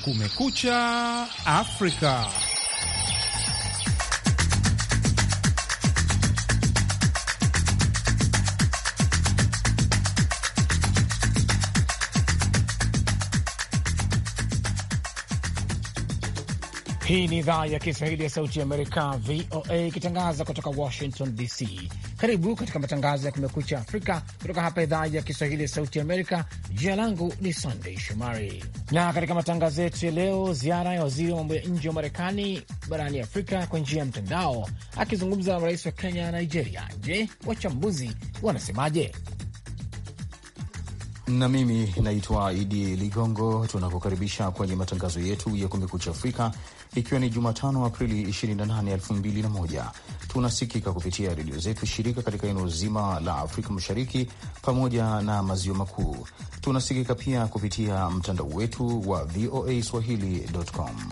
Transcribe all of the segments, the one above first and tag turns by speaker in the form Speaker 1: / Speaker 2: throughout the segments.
Speaker 1: Kumekucha África.
Speaker 2: Hii ni idhaa ya Kiswahili ya Sauti ya Amerika, VOA, ikitangaza kutoka Washington DC. Karibu katika matangazo ya Kumekucha Afrika kutoka hapa idhaa ya Kiswahili ya Sauti ya Amerika. Jina langu ni Sandei Shomari, na katika matangazo yetu ya leo, ziara ya waziri wa mambo ya nje wa Marekani barani Afrika kwa njia ya mtandao, akizungumza na rais wa Kenya na Nigeria. Je, wachambuzi wanasemaje?
Speaker 3: na mimi naitwa Idi Ligongo. Tunakukaribisha kwenye matangazo yetu ya Kumekucha Afrika, ikiwa ni Jumatano, Aprili 28, Tunasikika kupitia redio zetu shirika katika eneo zima la Afrika Mashariki pamoja na maziwa makuu. Tunasikika pia kupitia mtandao wetu wa VOA swahili.com.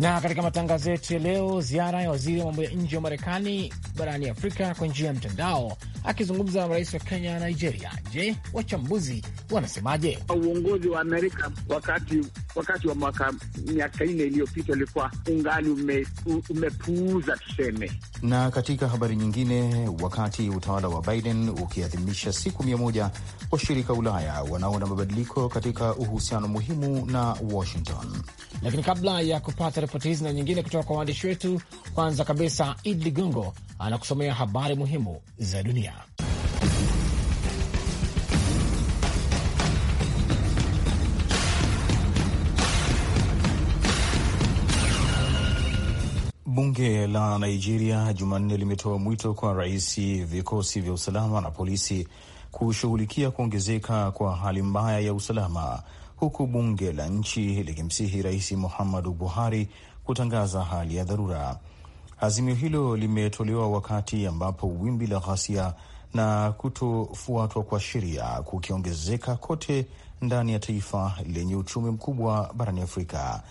Speaker 2: Na katika matangazo yetu ya leo, ziara ya waziri wa mambo ya nje wa Marekani barani Afrika kwa njia ya mtandao akizungumza na rais wa Kenya na Nigeria.
Speaker 4: Je, wachambuzi wanasemaje? Uongozi wa Amerika wakati wakati wa mwaka miaka nne iliyopita ulikuwa ungali ume, umepuuza tuseme.
Speaker 3: Na katika habari nyingine, wakati utawala wa Biden ukiadhimisha siku mia moja, washirika Ulaya wanaona mabadiliko katika uhusiano muhimu na Washington.
Speaker 2: Lakini kabla ya kupata ripoti hizi na nyingine kutoka kwa waandishi wetu, kwanza kabisa id Ligongo anakusomea habari muhimu za dunia.
Speaker 3: Bunge la Nigeria Jumanne limetoa mwito kwa rais, vikosi vya usalama na polisi kushughulikia kuongezeka kwa hali mbaya ya usalama, huku bunge la nchi likimsihi Rais Muhammadu Buhari kutangaza hali ya dharura. Azimio hilo limetolewa wakati ambapo wimbi la ghasia na kutofuatwa kwa sheria kukiongezeka kote ndani ya taifa lenye uchumi mkubwa barani Afrika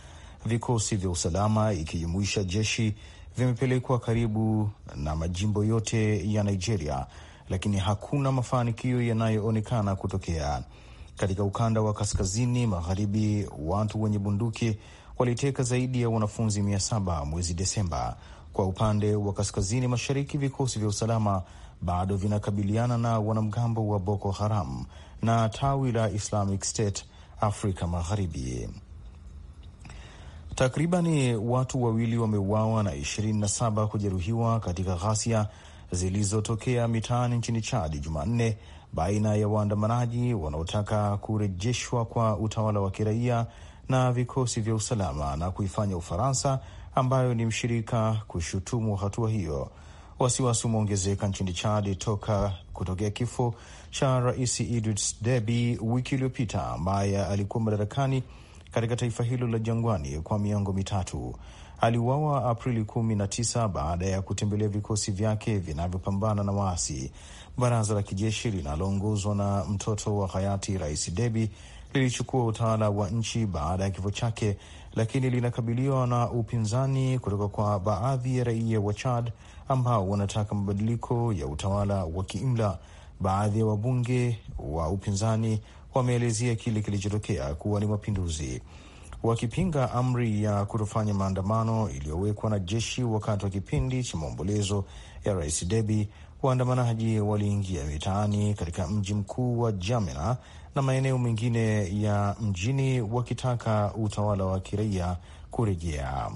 Speaker 3: vikosi vya usalama ikijumuisha jeshi vimepelekwa karibu na majimbo yote ya Nigeria, lakini hakuna mafanikio yanayoonekana kutokea. Katika ukanda wa kaskazini magharibi, watu wenye bunduki waliteka zaidi ya wanafunzi mia saba mwezi Desemba. Kwa upande wa kaskazini mashariki, vikosi vya usalama bado vinakabiliana na wanamgambo wa Boko Haram na tawi la Islamic State Afrika Magharibi. Takribani watu wawili wameuawa na 27 kujeruhiwa katika ghasia zilizotokea mitaani nchini Chad Jumanne baina ya waandamanaji wanaotaka kurejeshwa kwa utawala wa kiraia na vikosi vya usalama na kuifanya Ufaransa ambayo ni mshirika kushutumu hatua hiyo. Wasiwasi umeongezeka nchini Chad toka kutokea kifo cha Rais Idris Deby wiki iliyopita ambaye alikuwa madarakani katika taifa hilo la jangwani kwa miongo mitatu. Aliuawa Aprili 19 baada ya kutembelea vikosi vyake vinavyopambana na waasi. Baraza la kijeshi linaloongozwa na mtoto wa hayati Rais debi lilichukua utawala wa nchi baada ya kifo chake, lakini linakabiliwa na upinzani kutoka kwa baadhi ya raia wa Chad ambao wanataka mabadiliko ya utawala wa kiimla. Baadhi ya wabunge wa upinzani wameelezea kile kilichotokea kuwa ni mapinduzi, wakipinga amri ya kutofanya maandamano iliyowekwa na jeshi wakati wa kipindi cha maombolezo ya Rais debi Waandamanaji waliingia mitaani katika mji mkuu wa jamina na maeneo mengine ya mjini wakitaka utawala wa kiraia kurejea.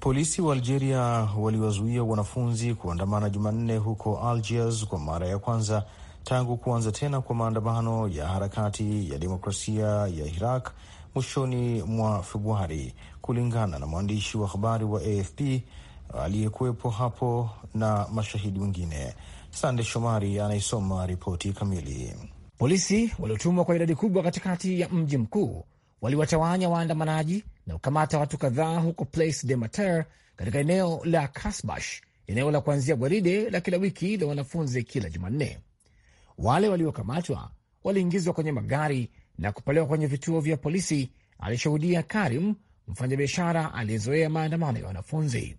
Speaker 3: Polisi wa Algeria waliwazuia wanafunzi kuandamana Jumanne huko Algiers kwa mara ya kwanza tangu kuanza tena kwa maandamano ya harakati ya demokrasia ya Iraq mwishoni mwa Februari, kulingana na mwandishi wa habari wa AFP aliyekuwepo hapo na mashahidi wengine. Sande Shomari anayesoma ripoti kamili. Polisi waliotumwa kwa idadi kubwa katikati ya mji mkuu waliwatawanya
Speaker 2: waandamanaji na kukamata watu kadhaa huko Place de Mater katika eneo la Kasbash, eneo la kuanzia gwaride la kila wiki la wanafunzi kila Jumanne. Wale waliokamatwa waliingizwa kwenye magari na kupelekwa kwenye vituo vya polisi, alishuhudia Karim, mfanyabiashara aliyezoea maandamano ya wanafunzi.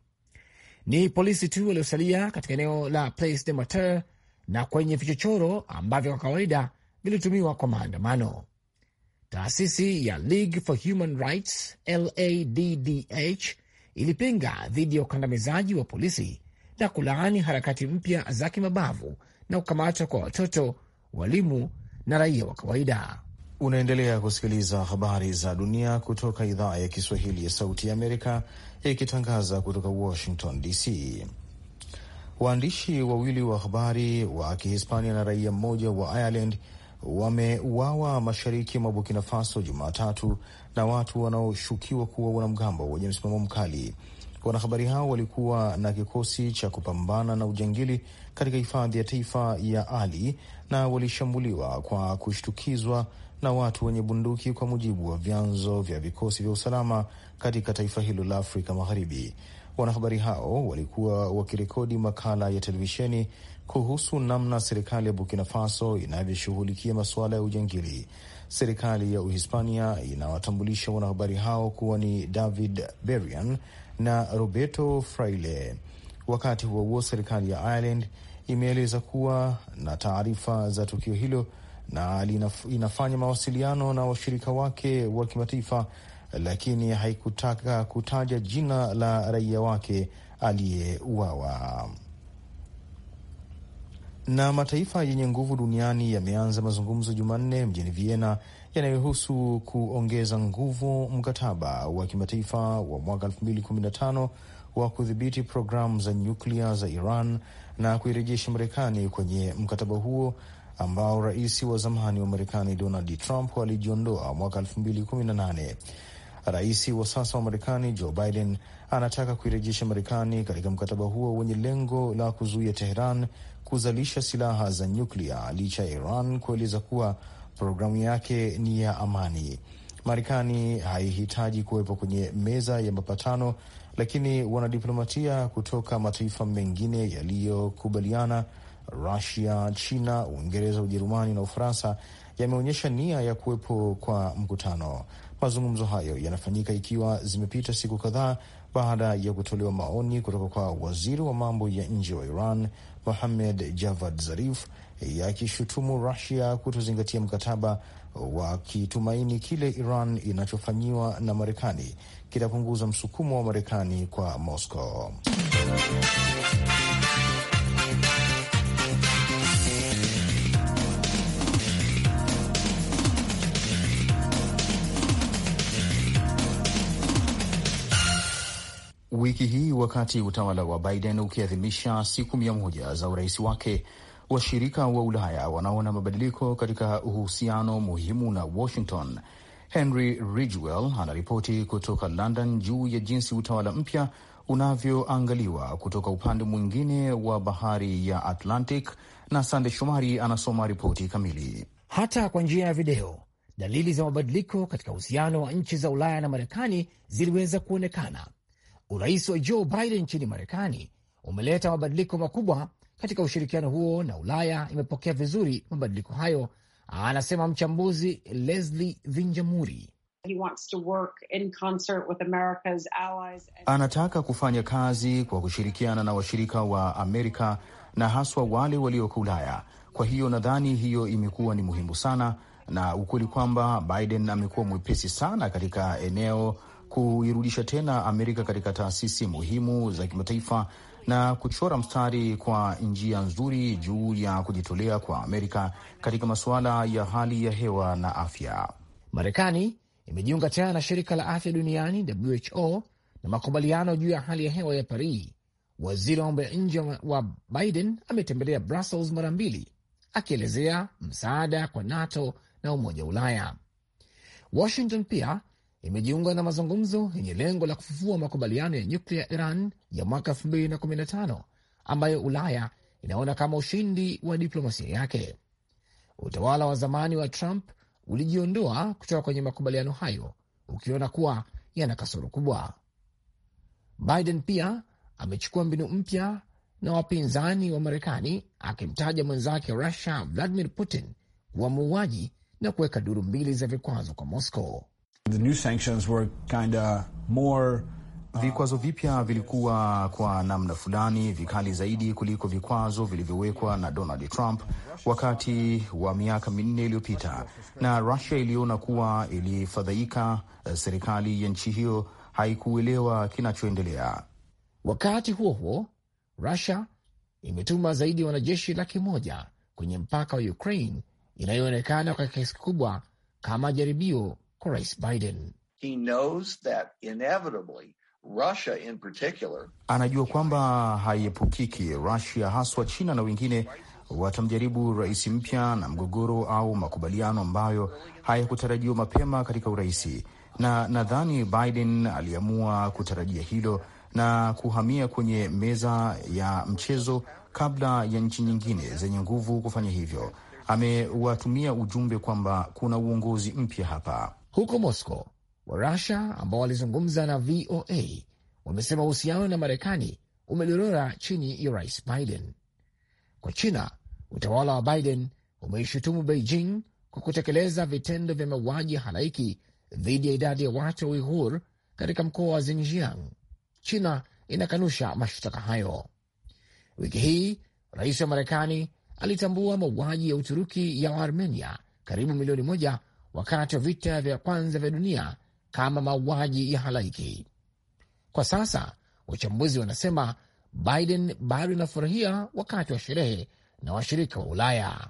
Speaker 2: Ni polisi tu waliosalia katika eneo la Place de Mater na kwenye vichochoro ambavyo kwa kawaida vilitumiwa kwa maandamano. Taasisi ya League for Human Rights LADDH ilipinga dhidi ya ukandamizaji wa polisi na kulaani harakati mpya za kimabavu na kukamatwa kwa watoto,
Speaker 3: walimu na raia wa kawaida. Unaendelea kusikiliza habari za dunia kutoka idhaa ya Kiswahili ya Sauti ya Amerika ikitangaza kutoka Washington DC. Waandishi wawili wa habari wa Kihispania na raia mmoja wa Ireland wameuawa mashariki mwa Burkina Faso Jumatatu na watu wanaoshukiwa kuwa wanamgambo wenye msimamo mkali. Wanahabari hao walikuwa na kikosi cha kupambana na ujangili katika hifadhi ya taifa ya Ali na walishambuliwa kwa kushtukizwa na watu wenye bunduki, kwa mujibu wa vyanzo vya vikosi vya usalama katika taifa hilo la Afrika Magharibi. Wanahabari hao walikuwa wakirekodi makala ya televisheni kuhusu namna serikali ya Burkina Faso inavyoshughulikia masuala ya ujangili. Serikali ya Uhispania inawatambulisha wanahabari hao kuwa ni David Berian na Roberto Fraile. Wakati huo huo, serikali ya Ireland imeeleza kuwa na taarifa za tukio hilo na inafanya mawasiliano na washirika wake wa kimataifa, lakini haikutaka kutaja jina la raia wake aliyeuawa. Na mataifa yenye nguvu duniani yameanza mazungumzo Jumanne mjini Vienna yanayohusu kuongeza nguvu mkataba wa kimataifa wa mwaka 2015 wa kudhibiti programu za nyuklia za Iran na kuirejesha Marekani kwenye mkataba huo ambao rais wa zamani wa Marekani Donald Trump alijiondoa mwaka 2018. Rais wa sasa wa Marekani Joe Biden anataka kuirejesha Marekani katika mkataba huo wenye lengo la kuzuia Teheran kuzalisha silaha za nyuklia licha ya Iran kueleza kuwa programu yake ni ya amani. Marekani haihitaji kuwepo kwenye meza ya mapatano lakini wanadiplomatia kutoka mataifa mengine yaliyokubaliana, Rusia, China, Uingereza, Ujerumani na Ufaransa yameonyesha nia ya kuwepo kwa mkutano. Mazungumzo hayo yanafanyika ikiwa zimepita siku kadhaa baada ya kutolewa maoni kutoka kwa waziri wa mambo ya nje wa Iran Mohamed Javad Zarif yakishutumu Rusia kutozingatia mkataba, wakitumaini kile Iran inachofanyiwa na Marekani kitapunguza msukumo wa Marekani kwa Moscow. wiki hii wakati utawala wa Biden ukiadhimisha siku mia moja za urais wake. Washirika wa Ulaya wanaona mabadiliko katika uhusiano muhimu na Washington. Henry Ridgwell anaripoti kutoka London juu ya jinsi utawala mpya unavyoangaliwa kutoka upande mwingine wa bahari ya Atlantic, na Sande Shomari anasoma ripoti kamili. Hata kwa njia ya video, dalili za mabadiliko katika uhusiano wa nchi za Ulaya
Speaker 2: na Marekani ziliweza kuonekana Urais wa Joe Biden nchini Marekani umeleta mabadiliko makubwa katika ushirikiano huo na Ulaya imepokea vizuri mabadiliko hayo,
Speaker 3: anasema mchambuzi Leslie Vinjamuri. Anataka kufanya kazi kwa kushirikiana na washirika wa Amerika na haswa wale walioko Ulaya. Kwa hiyo nadhani hiyo imekuwa ni muhimu sana, na ukweli kwamba Biden amekuwa mwepesi sana katika eneo kuirudisha tena Amerika katika taasisi muhimu za kimataifa na kuchora mstari kwa njia nzuri juu ya kujitolea kwa Amerika katika masuala ya hali ya hewa na afya. Marekani imejiunga tena na shirika la
Speaker 2: afya duniani WHO na makubaliano juu ya hali ya hewa ya Paris. Waziri wa mambo ya nje wa Biden ametembelea Brussels mara mbili akielezea msaada kwa NATO na Umoja wa Ulaya. Washington pia imejiunga na mazungumzo yenye lengo la kufufua makubaliano ya nyuklia ya Iran ya mwaka 2015 ambayo Ulaya inaona kama ushindi wa diplomasia yake. Utawala wa zamani wa Trump ulijiondoa kutoka kwenye makubaliano hayo ukiona kuwa yana kasoro kubwa. Biden pia amechukua mbinu mpya na wapinzani wa Marekani, akimtaja mwenzake Russia Vladimir Putin kuwa muuaji na kuweka duru mbili za vikwazo kwa Moscow.
Speaker 3: Uh, vikwazo vipya vilikuwa kwa namna fulani vikali zaidi kuliko vikwazo vilivyowekwa na Donald Trump wakati wa miaka minne iliyopita, na rusia iliona kuwa ilifadhaika. Eh, serikali ya nchi hiyo haikuelewa kinachoendelea. Wakati huo huo,
Speaker 2: rusia imetuma zaidi ya wanajeshi laki moja kwenye mpaka wa Ukraine inayoonekana kwa kiasi kikubwa kama jaribio kwa Rais Biden.
Speaker 4: He knows that inevitably Russia in particular,
Speaker 3: anajua kwamba haiepukiki Russia haswa China na wengine watamjaribu rais mpya na mgogoro au makubaliano ambayo hayakutarajiwa mapema katika uraisi, na nadhani Biden aliamua kutarajia hilo na kuhamia kwenye meza ya mchezo kabla ya nchi nyingine zenye nguvu kufanya hivyo. Amewatumia ujumbe kwamba kuna uongozi mpya hapa huko Moscow, Warusia
Speaker 2: ambao walizungumza na VOA wamesema uhusiano na Marekani umedorora chini ya Rais Biden. Kwa China, utawala wa Biden umeishutumu Beijing kwa kutekeleza vitendo vya mauaji halaiki dhidi ya idadi ya watu wa Uighur katika mkoa wa Xinjiang. China inakanusha mashtaka hayo. Wiki hii rais wa Marekani alitambua mauaji ya Uturuki ya Waarmenia karibu milioni moja wakati wa vita vya kwanza vya dunia kama mauaji ya halaiki. Kwa sasa wachambuzi wanasema Biden bado inafurahia wakati wa sherehe na washirika wa Ulaya.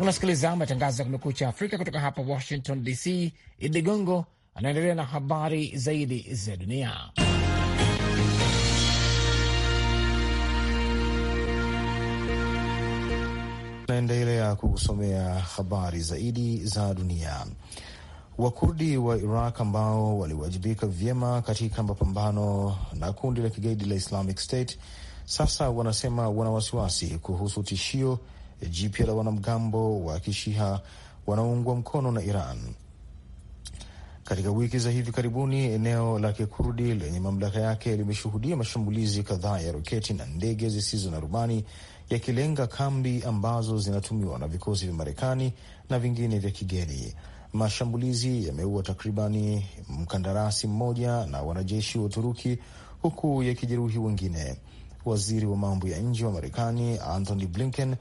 Speaker 2: Unasikiliza matangazo ya Kumekucha Afrika kutoka hapa Washington DC. Idi Ligongo anaendelea na habari zaidi za dunia.
Speaker 3: Naendelea kukusomea habari zaidi za dunia. Wakurdi wa Iraq ambao waliwajibika vyema katika mapambano na kundi la kigaidi la Islamic State sasa wanasema wana wasiwasi kuhusu tishio jipya la wanamgambo wa kishiha wanaoungwa mkono na Iran katika wiki za hivi karibuni, eneo la kikurdi lenye mamlaka yake limeshuhudia mashambulizi kadhaa ya roketi na ndege zisizo na rubani yakilenga kambi ambazo zinatumiwa na vikosi vya Marekani na vingine vya kigeni. Mashambulizi yameua takribani mkandarasi mmoja na wanajeshi wa Uturuki huku yakijeruhi wengine. Waziri wa mambo ya nje wa Marekani Anthony Blinken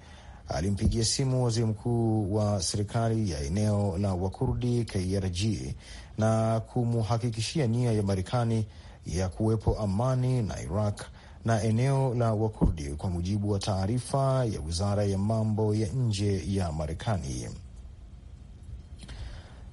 Speaker 3: alimpigia simu waziri mkuu wa serikali ya eneo la Wakurdi KRG na kumuhakikishia nia ya Marekani ya kuwepo amani na Iraq na eneo la Wakurdi, kwa mujibu wa taarifa ya wizara ya mambo ya nje ya Marekani.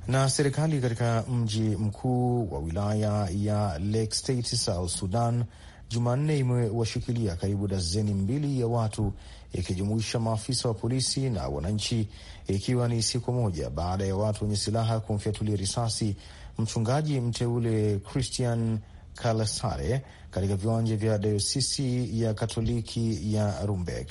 Speaker 3: Na serikali katika mji mkuu wa wilaya ya Lake State, South Sudan Jumanne imewashikilia karibu dazeni mbili ya watu ikijumuisha maafisa wa polisi na wananchi, ikiwa ni siku moja baada ya watu wenye silaha kumfyatulia risasi mchungaji mteule Christian Kalasare katika viwanja vya dayosisi ya Katoliki ya Rumbek.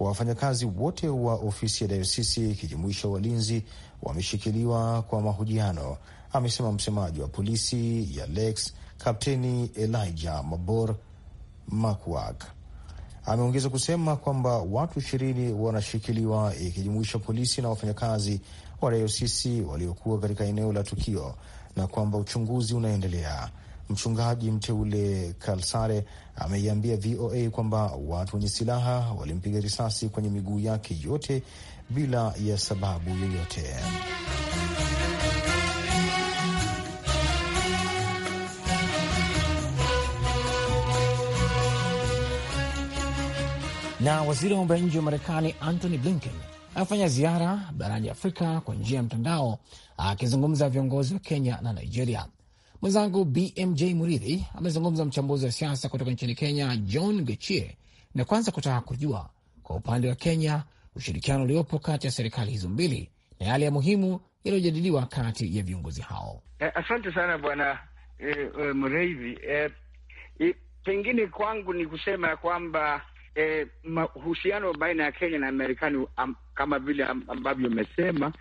Speaker 3: Wafanyakazi wote wa ofisi ya dayosisi ikijumuisha walinzi wameshikiliwa kwa mahojiano, amesema msemaji wa polisi ya Lex Kapteni Elijah Mabor Makuak. Ameongeza kusema kwamba watu ishirini wanashikiliwa ikijumuisha polisi na wafanyakazi wa dayosisi waliokuwa katika eneo la tukio na kwamba uchunguzi unaendelea. Mchungaji mteule Kalsare ameiambia VOA kwamba watu wenye silaha walimpiga risasi kwenye miguu yake yote bila ya sababu yoyote.
Speaker 2: Na waziri wa mambo ya nje wa Marekani Antony Blinken anafanya ziara barani Afrika kwa njia ya mtandao, akizungumza viongozi wa Kenya na Nigeria. Mwenzangu BMJ Muridhi amezungumza mchambuzi wa siasa kutoka nchini Kenya, John gechie na kwanza kutaka kujua kwa upande wa Kenya ushirikiano uliopo kati ya serikali hizo mbili na yale ya muhimu yaliyojadiliwa kati ya viongozi hao.
Speaker 4: Eh, asante sana bwana eh, eh, Mreidhi. Eh, eh, pengine kwangu ni kusema ya kwamba eh, mahusiano baina ya Kenya na Marekani um, kama vile ambavyo umesema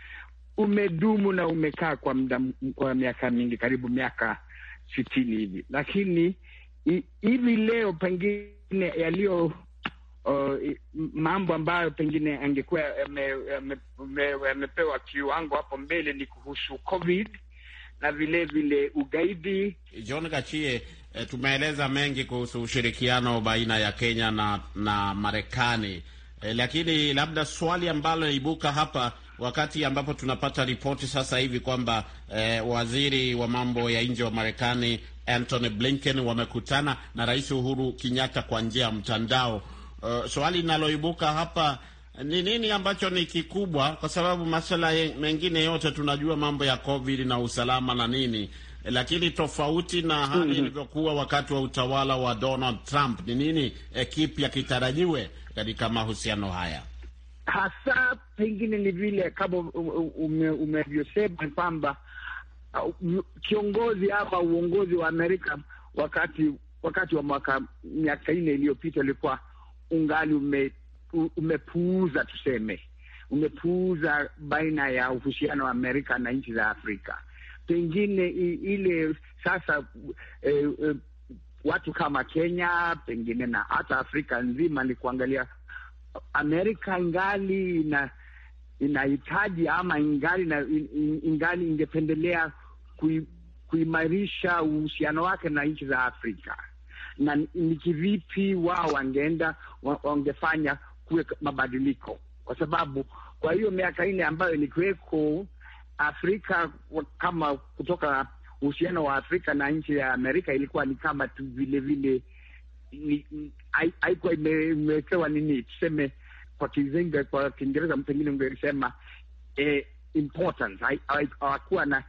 Speaker 4: umedumu na umekaa kwa muda kwa miaka mingi, karibu miaka sitini hivi, lakini hivi leo pengine yaliyo Uh, mambo ambayo pengine angekuwa me, kiwango hapo mbele ni kuhusu COVID na vilevile vile ugaidi. John Gachie,
Speaker 5: e, tumeeleza mengi kuhusu ushirikiano baina ya Kenya na, na Marekani e, lakini labda swali ambalo ibuka hapa wakati ambapo tunapata ripoti sasa hivi kwamba e, waziri wa mambo ya nje wa Marekani Antony Blinken wamekutana na Rais Uhuru Kenyatta kwa njia ya mtandao. E, swali linaloibuka hapa ni nini ambacho ni kikubwa, kwa sababu masuala mengine yote tunajua mambo ya COVID na usalama na nini, Eh, lakini tofauti na hali mm -hmm. ilivyokuwa wakati wa utawala wa Donald Trump, ni nini eh, kipya kitarajiwe katika mahusiano haya?
Speaker 4: Hasa pengine ni vile kama umevyosema ume kwamba uh, kiongozi ama uongozi wa Amerika wakati wakati wa mwaka miaka nne iliyopita ulikuwa ungali ume, umepuuza tuseme umepuuza baina ya uhusiano wa Amerika na nchi za Afrika pengine ile sasa e, e, watu kama Kenya pengine na hata Afrika nzima ni kuangalia Amerika ingali ina inahitaji ama ingali na, ingali ingependelea kui, kuimarisha uhusiano wake na nchi za Afrika na ni kivipi wao wangeenda wangefanya kuwe mabadiliko, kwa sababu kwa hiyo miaka nne ambayo ilikuweko Afrika kama kutoka uhusiano wa Afrika na nchi ya Amerika ilikuwa ni kama tu vile vile, haikuwa imewekewa nini, tuseme kwa Kizinga, kwa Kiingereza pengine ungesema eh, importance. Hawakuwa na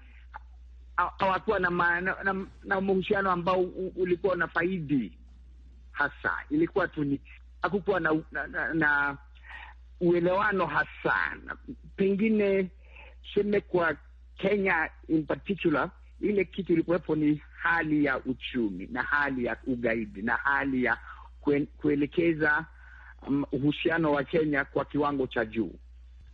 Speaker 4: hawakuwa na, na, na, na ambao ulikuwa na faidi hasa, ilikuwa tu ni hakukuwa na, na, na, na uelewano hasa, pengine tuseme kwa Kenya in particular, ile kitu ilikuwepo ni hali ya uchumi na hali ya ugaidi na hali ya kuelekeza um, uhusiano um, wa Kenya kwa kiwango cha juu.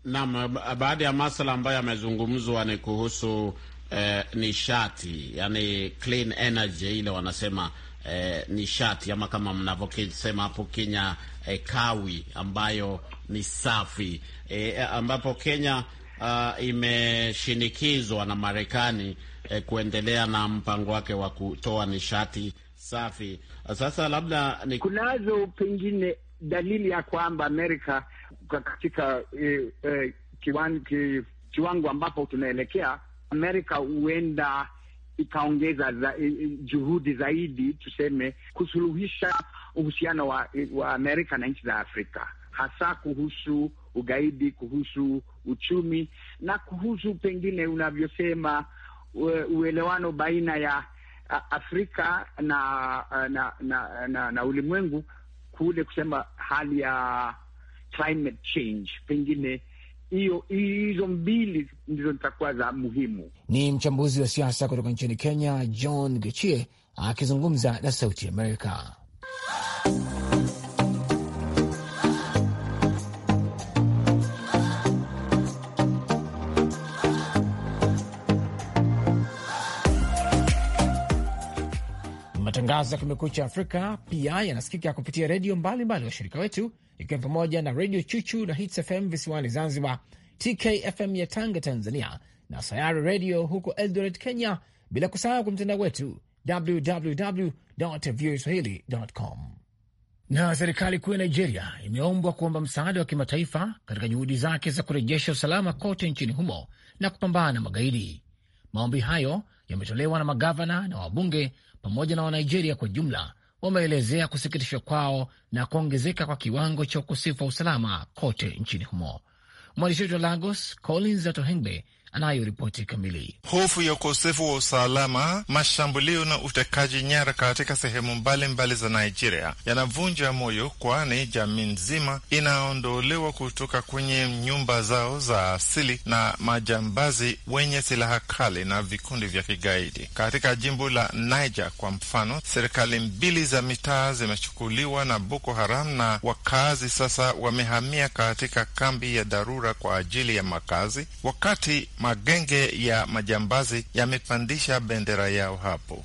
Speaker 5: Naam, baadhi ya masuala ambayo yamezungumzwa ni kuhusu eh, nishati yani clean energy ile wanasema eh, nishati ama kama mnavyosema hapo Kenya eh, kawi ambayo ni safi eh, ambapo Kenya uh, imeshinikizwa na Marekani eh, kuendelea na mpango wake wa kutoa nishati safi.
Speaker 4: Sasa labda ni... kunazo pengine dalili ya kwamba Amerika katika eh, eh, kiwan, ki, kiwango ambapo tunaelekea Amerika huenda ikaongeza za, eh, eh, juhudi zaidi tuseme kusuluhisha uhusiano wa, eh, wa Amerika na nchi za Afrika hasa kuhusu ugaidi, kuhusu uchumi na kuhusu pengine unavyosema uelewano baina ya Afrika na na na, na, na ulimwengu kule kusema hali ya climate change pengine hiyo hizo mbili ndizo zitakuwa za muhimu.
Speaker 2: Ni mchambuzi wa siasa kutoka nchini Kenya, John gechie akizungumza na Sauti Amerika. Matangazo ya Kumekucha Afrika pia yanasikika kupitia redio mbalimbali washirika wetu, ikiwa pamoja na Redio Chuchu na Hits FM visiwani Zanzibar, TKFM ya Tanga, Tanzania, na Sayari Redio huko Eldoret, Kenya, bila kusahau kwa mtandao wetu www voa swahilicom. Na serikali kuu ya Nigeria imeombwa kuomba msaada wa kimataifa katika juhudi zake za kurejesha usalama kote nchini humo na kupambana na magaidi. Maombi hayo yametolewa na magavana na wabunge pamoja na Wanigeria kwa jumla wameelezea kusikitishwa kwao na kuongezeka kwa kiwango cha ukosefu wa usalama kote nchini humo. Mwandishi wetu wa Lagos, Collins Atohengbe, anayo ripoti kamili.
Speaker 1: Hofu ya ukosefu wa usalama, mashambulio na utekaji nyara katika sehemu mbalimbali za Nigeria yanavunja moyo, kwani jamii nzima inaondolewa kutoka kwenye nyumba zao za asili na majambazi wenye silaha kali na vikundi vya kigaidi. Katika jimbo la Niger kwa mfano, serikali mbili za mitaa zimechukuliwa na Boko Haram na wakazi sasa wamehamia katika kambi ya dharura kwa ajili ya makazi wakati magenge ya majambazi yamepandisha bendera yao hapo.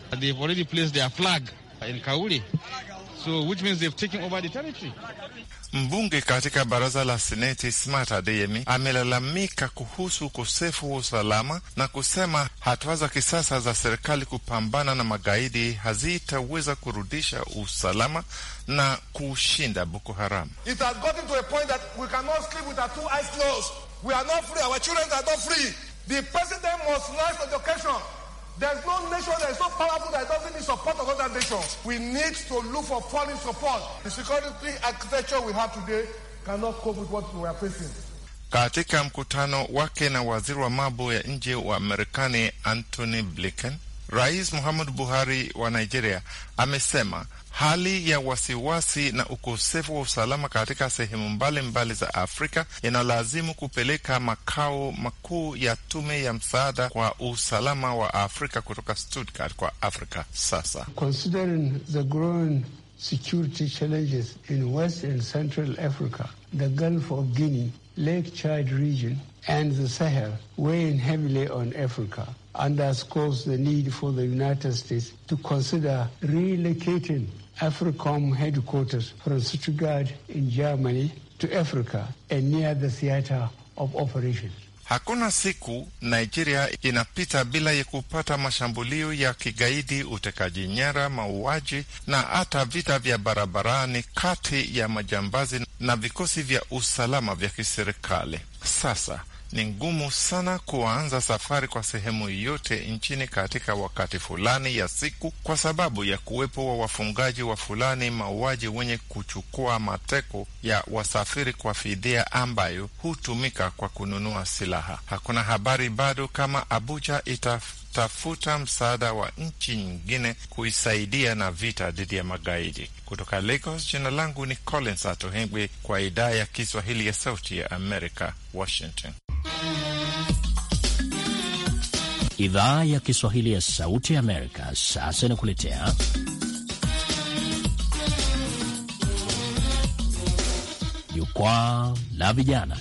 Speaker 3: They've already placed their flag in Kauli. So
Speaker 1: which means they've taken over the territory. Mbunge katika baraza la seneti Smart Adeyemi amelalamika kuhusu ukosefu wa usalama na kusema hatua za kisasa za serikali kupambana na magaidi hazitaweza kurudisha usalama na kushinda Boko Haram. It has gotten to to a point that we We cannot sleep with our Our two eyes closed. are are not not free. free. children The the president must rise occasion. There's no nation that is so powerful that doesn't need support of other nations. We need to look for foreign support. The security architecture we have today cannot cope with what we are facing. Katika mkutano wake na waziri wa mambo ya nje wa Marekani Antony Blinken Rais Muhammadu Buhari wa Nigeria amesema hali ya wasiwasi na ukosefu wa usalama katika sehemu mbalimbali mbali za Afrika inalazimu kupeleka makao makuu ya tume ya msaada kwa usalama wa Afrika kutoka Stuttgart kwa Afrika sasa.
Speaker 4: Considering the growing security challenges in West and Central Africa, the Gulf of Guinea, Lake Chad region and the Sahel weighing heavily on Africa underscores the need for the United States to consider relocating AFRICOM headquarters from Stuttgart in Germany to Africa and near the theater of operations.
Speaker 1: Hakuna siku Nigeria inapita bila ya kupata mashambulio ya kigaidi, utekaji nyara, mauaji na hata vita vya barabarani kati ya majambazi na vikosi vya usalama vya kiserikali. Sasa ni ngumu sana kuanza safari kwa sehemu yote nchini katika wakati fulani ya siku kwa sababu ya kuwepo wa wafungaji wa fulani mauaji wenye kuchukua mateko ya wasafiri kwa fidia ambayo hutumika kwa kununua silaha. Hakuna habari bado kama Abuja itatafuta msaada wa nchi nyingine kuisaidia na vita dhidi ya magaidi. Kutoka Lagos, jina langu ni Collins Atohengwi kwa idhaa ya Kiswahili ya Sauti ya Amerika, Washington.
Speaker 5: Idhaa ya Kiswahili
Speaker 2: ya Sauti Amerika sasa inakuletea
Speaker 3: Jukwaa la Vijana.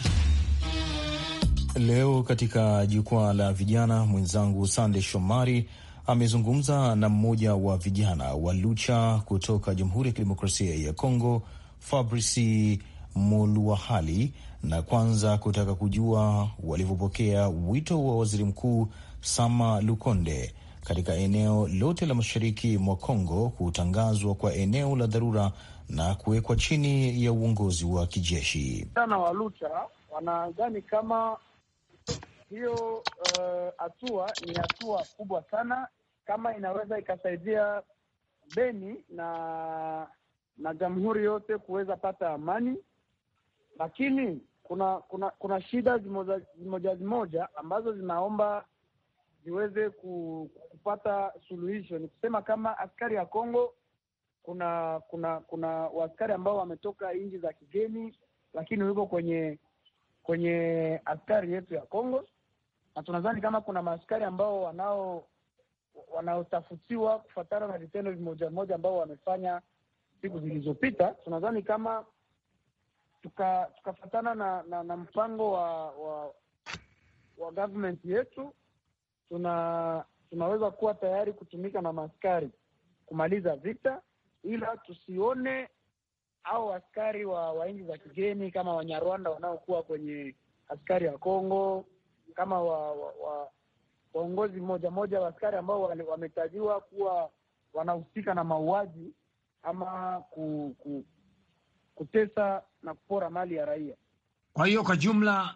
Speaker 3: Leo katika Jukwaa la Vijana, mwenzangu Sande Shomari amezungumza na mmoja wa vijana wa Lucha kutoka Jamhuri ya Kidemokrasia ya Kongo, Fabrice muluahali na kwanza kutaka kujua walivyopokea wito wa waziri mkuu Sama Lukonde katika eneo lote la mashariki mwa Kongo kutangazwa kwa eneo la dharura na kuwekwa chini ya uongozi wa kijeshi.
Speaker 6: Vijana wa Lucha wanadhani kama hiyo eh, hatua uh, ni hatua kubwa sana, kama inaweza ikasaidia Beni na na jamhuri yote kuweza pata amani lakini kuna kuna kuna shida zimoja zimoja, zimoja ambazo zinaomba ziweze kupata suluhisho. Ni kusema kama askari ya Kongo, kuna kuna kuna waaskari ambao wametoka nchi za kigeni, lakini wiko kwenye kwenye askari yetu ya Kongo, na tunadhani kama kuna maaskari ambao wanao wanaotafutiwa kufuatana na vitendo vimoja moja ambao wamefanya siku zilizopita. Tunadhani kama tukafatana tuka na, na, na mpango wa wa, wa government yetu, tuna tunaweza kuwa tayari kutumika na maaskari kumaliza vita, ila tusione au askari wa, wa nchi za kigeni kama Wanyarwanda wanaokuwa kwenye askari ya Kongo kama wa, wa, wa waongozi mmoja moja wa askari ambao wametajiwa kuwa wanahusika na mauaji ama ku, ku, kutesa na kupora mali ya raia.
Speaker 2: Kwa hiyo kwa jumla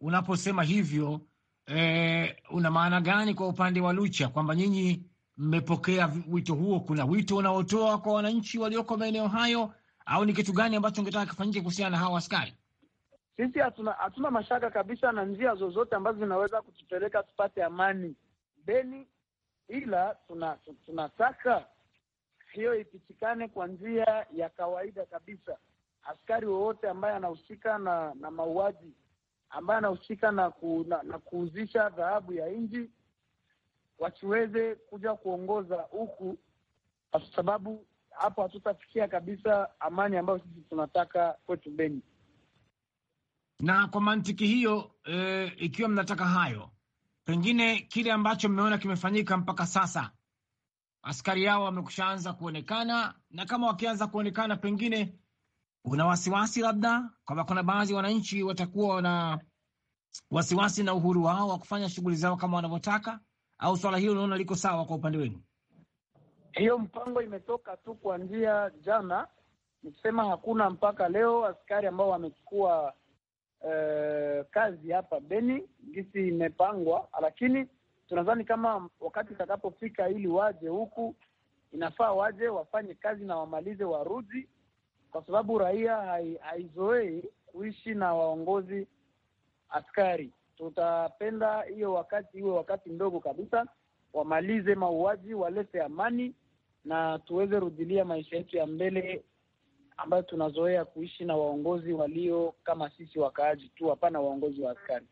Speaker 2: unaposema hivyo e, una maana gani kwa upande wa Lucha kwamba nyinyi mmepokea wito huo? Kuna wito unaotoa kwa wananchi walioko maeneo hayo, au ni kitu gani ambacho ungetaka kifanyike kuhusiana na hawa askari?
Speaker 6: Sisi hatuna hatuna mashaka kabisa na njia zozote ambazo zinaweza kutupeleka tupate amani Beni, ila tunataka tuna, tuna hiyo ipitikane kwa njia ya kawaida kabisa, askari wowote ambaye anahusika na na mauaji ambaye anahusika na, ku, na, na kuuzisha dhahabu ya nchi wasiweze kuja kuongoza huku, kwa sababu hapo hatutafikia kabisa amani ambayo sisi tunataka kwetu Beni.
Speaker 2: Na kwa mantiki hiyo e, ikiwa mnataka hayo, pengine kile ambacho mmeona kimefanyika mpaka sasa, askari yao wamekushaanza kuonekana, na kama wakianza kuonekana, pengine una wasiwasi labda kwamba kuna baadhi ya wananchi watakuwa na wasiwasi na uhuru wao wa kufanya shughuli zao kama wanavyotaka, au swala hilo unaona liko sawa kwa upande wenu?
Speaker 6: Hiyo mpango imetoka tu kuanzia jana, nikisema hakuna mpaka leo askari ambao wamechukua uh, kazi hapa Beni gisi imepangwa, lakini tunadhani kama wakati utakapofika ili waje huku, inafaa waje wafanye kazi na wamalize warudi kwa sababu raia haizoei kuishi na waongozi askari. Tutapenda hiyo wakati iwe wakati mdogo kabisa, wamalize mauaji, walete amani na tuweze rudilia maisha yetu ya mbele ambayo tunazoea kuishi na waongozi walio kama sisi wakaaji tu, hapana waongozi wa askari.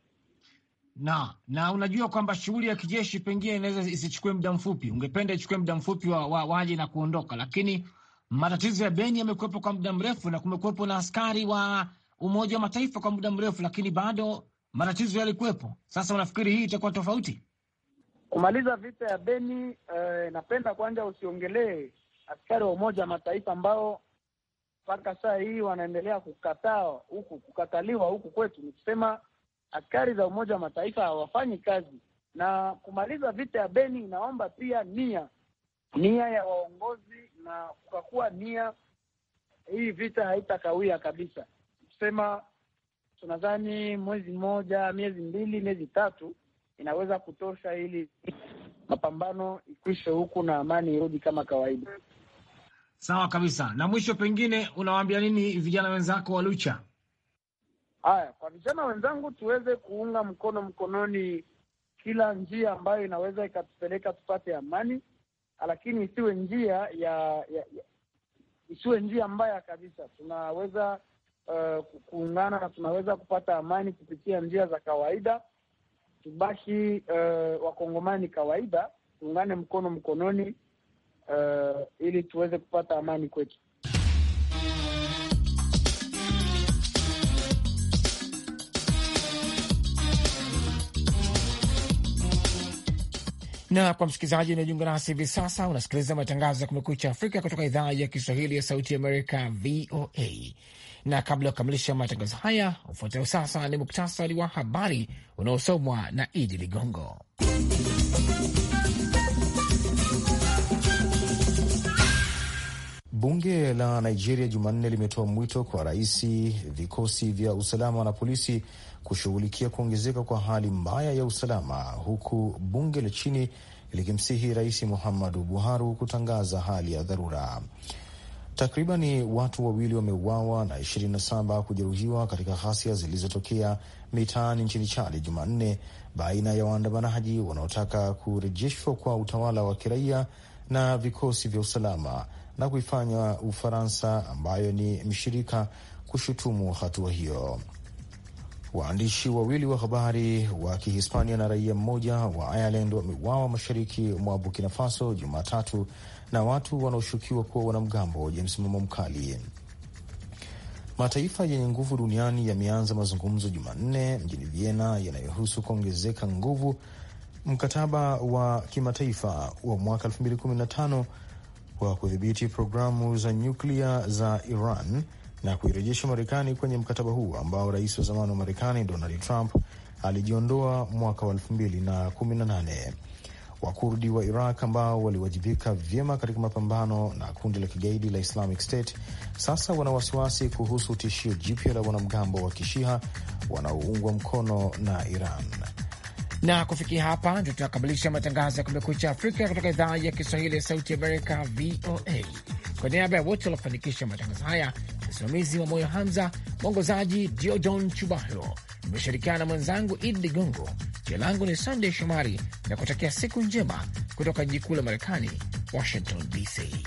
Speaker 2: Na na unajua kwamba shughuli ya kijeshi pengine inaweza isichukue muda mfupi, ungependa ichukue muda mfupi wa, wa, waje na kuondoka, lakini matatizo ya Beni yamekuwepo kwa muda mrefu na kumekuwepo na askari wa Umoja wa Mataifa kwa muda mrefu, lakini bado matatizo yalikuwepo. Sasa unafikiri hii itakuwa tofauti
Speaker 6: kumaliza vita ya Beni? Eh, napenda kwanza usiongelee askari wa Umoja wa Mataifa ambao mpaka saa hii wanaendelea kukataa huku kukataliwa huku kwetu, ni kusema askari za Umoja wa Mataifa hawafanyi kazi. Na kumaliza vita ya Beni inaomba pia nia nia ya waongozi na kukakuwa nia, hii vita haitakawia kabisa. Kusema tunadhani mwezi mmoja, miezi mbili, miezi tatu inaweza kutosha ili mapambano ikwishe huku na amani irudi kama kawaida.
Speaker 2: Sawa kabisa. Na mwisho, pengine unawaambia nini vijana wenzako wa Lucha?
Speaker 6: Haya, kwa vijana wenzangu, tuweze kuunga mkono mkononi kila njia ambayo inaweza ikatupeleka tupate amani, lakini isiwe njia ya, ya, ya isiwe njia mbaya kabisa. Tunaweza uh, kuungana na tunaweza kupata amani kupitia njia za kawaida. Tubaki uh, wakongomani kawaida, tuungane mkono mkononi, uh, ili tuweze kupata amani kwetu.
Speaker 2: Na kwa msikilizaji unaojiunga nasi hivi sasa, unasikiliza matangazo ya Kumekucha Afrika kutoka idhaa ya Kiswahili ya Sauti Amerika, VOA. Na kabla ya kukamilisha matangazo haya, ufuatao sasa ni muktasari wa habari unaosomwa na Idi Ligongo.
Speaker 3: Bunge la Nigeria Jumanne limetoa mwito kwa rais, vikosi vya usalama na polisi kushughulikia kuongezeka kwa hali mbaya ya usalama, huku bunge la chini likimsihi Rais Muhammadu Buhari kutangaza hali ya dharura. Takribani watu wawili wameuawa na 27 kujeruhiwa katika ghasia zilizotokea mitaani nchini Chali Jumanne baina ya waandamanaji wanaotaka kurejeshwa kwa utawala wa kiraia na vikosi vya usalama na kuifanya Ufaransa ambayo ni mshirika kushutumu hatua hiyo. Waandishi wawili wa habari wa Kihispania na raia mmoja wa Ireland wameuawa mashariki mwa Burkina Faso Jumatatu na watu wanaoshukiwa kuwa wanamgambo wenye msimamo mkali. Mataifa yenye nguvu duniani yameanza mazungumzo Jumanne mjini Vienna yanayohusu kuongezeka nguvu mkataba wa kimataifa wa mwaka 2015 kwa kudhibiti programu za nyuklia za Iran na kuirejesha Marekani kwenye mkataba huo ambao rais wa zamani wa Marekani Donald Trump alijiondoa mwaka wa 2018. Wakurdi wa Iraq ambao waliwajibika vyema katika mapambano na kundi la kigaidi la Islamic State sasa wana wasiwasi kuhusu tishio jipya la wanamgambo wa Kishiha wanaoungwa mkono na Iran.
Speaker 2: Na kufikia hapa ndio tunakamilisha matangazo ya Kumekucha Afrika kutoka idhaa ya Kiswahili ya Sauti Amerika, VOA. Kwa niaba ya wote waliofanikisha matangazo haya, msimamizi wa Moyo Hamza, mwongozaji Diodon Chubahiro, nimeshirikiana na mwenzangu Idi Ligongo. Jina langu ni Sandey Shomari na kutakia siku njema kutoka jiji kuu la Marekani, Washington DC.